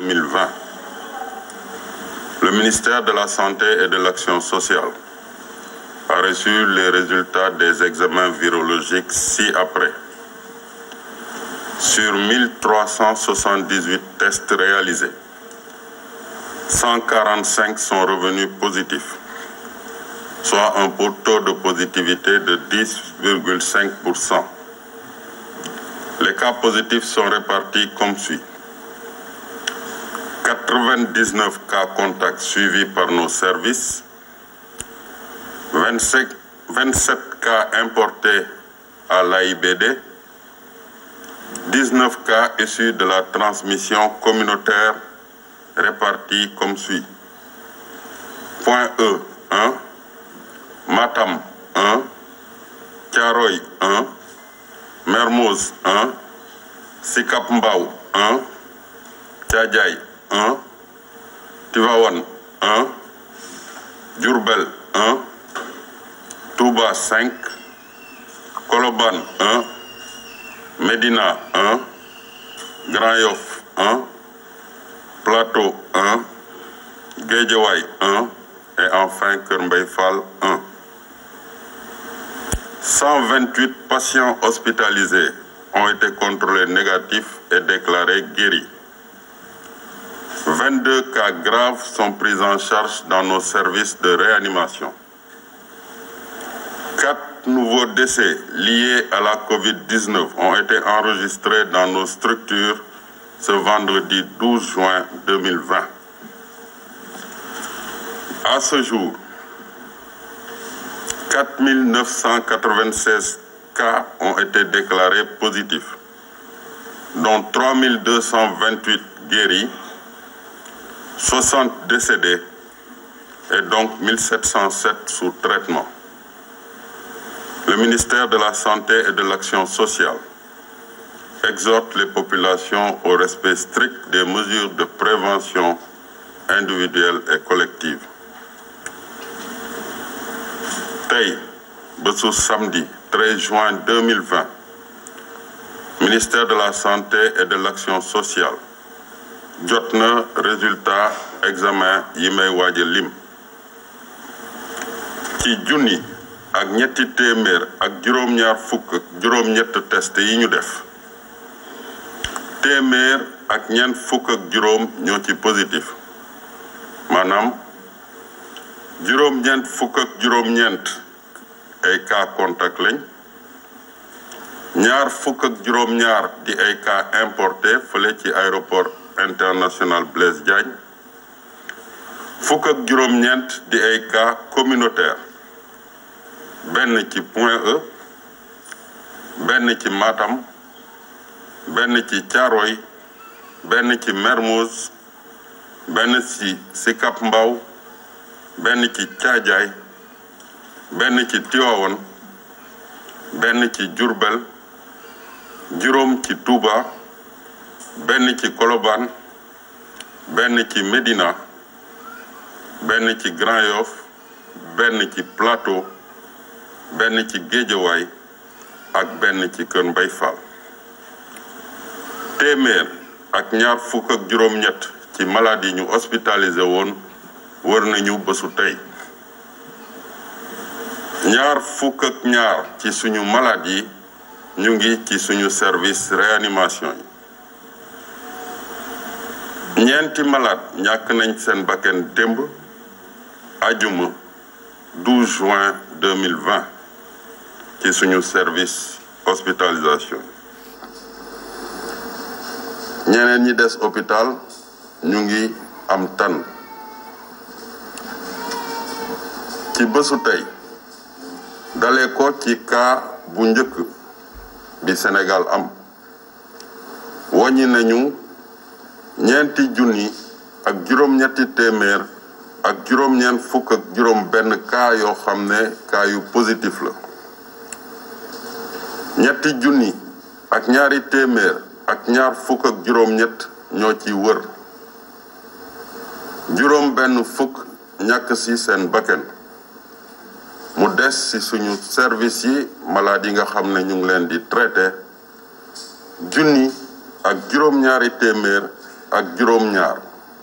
2020. Le ministère de la Santé et de l'Action sociale a reçu les résultats des examens virologiques ci-après. Sur 1378 tests réalisés, 145 sont revenus positifs, soit un taux de positivité de 10,5%. Les cas positifs sont répartis comme suit. 99 cas contacts suivis par nos services, 25, 27 cas importés à l'AIBD, 19 cas issus de la transmission communautaire répartis comme suit. Point E 1, Matam 1, Mermoz 1, Sikap un Tivaouane un Diourbel un Touba cinq Colobane un Médina un Grand Yoff un Plateau un Guédiawaye un et enfin Keur Mbaye Fall un 128 patients hospitalisés ont été contrôlés négatifs et déclarés guéris 22 cas graves sont pris en charge dans nos services de réanimation. 4 nouveaux décès liés à la COVID-19 ont été enregistrés dans nos structures ce vendredi 12 juin 2020. À ce jour, 4 996 cas ont été déclarés positifs, dont 3 228 guéris 60 décédés et donc 1707 sous traitement. Le ministère de la Santé et de l'Action sociale exhorte les populations au respect strict des mesures de prévention individuelle et collective. tey bésu samedi 13 juin 2020 ministère de la Santé et de l'Action sociale jot na résultat examen yi may waaj a lim ci junni ak ñetti téeméer ak juróom-ñaar fukk ak ñett test yi ñu def téeméer ak ñeent fukk ak juróom ñoo ci positif maanaam juróom-ñeent fukk ak ñeent ay cas contact lañ ñaar fukk ak ñaar di ay ka importé fële ci aéroport international Blaise Diagne fukk ak ñeent di ay communautaire benn ci Point E benn ci Matam benn ci Thiaroye benn ci Mermoz benn ci Sicap Mbao benn ci Thiadiaye benn ci Tivaouane benn ci Diourbel juróom ci tuuba benn ci Colobane benn ci Médina benn ci Grand Yoff benn ci Plateau benn ci Géejawaay ak benn ci Kër Mbay Fall téeméer ak ñaar fukk ak juróom-ñett ci malade yi ñu ospitalisé woon wër nañu bésu tey ñaar fukk ak ñaar ci suñu malade yi ñu ngi ci suñu service réanimation yi ñeenti malaat ñàkk nañ seen bakken démb ajuma 12 juin ci suñu service hospitalisation ñeneen ñi des hôpital ñu ngi am tan ci bésu tey dalee ko ci cas bu njëkk bi Sénégal am wàññi nañu ñeenti junni ak juróom-ñetti téeméer ak juróom-ñeent fukk juróom benn cas yoo xam ne kaayu positif la ñetti junni ak ñaari téeméer ak ñaar fukk juróom-ñett ñoo ci wër juróom benn fukk ñàkk ci seen bakkan mu des ci suñu service yi malade yi nga xam ne ñu ngi leen di traité junni ak juróom-ñaari téeméer ak juróom-ñaar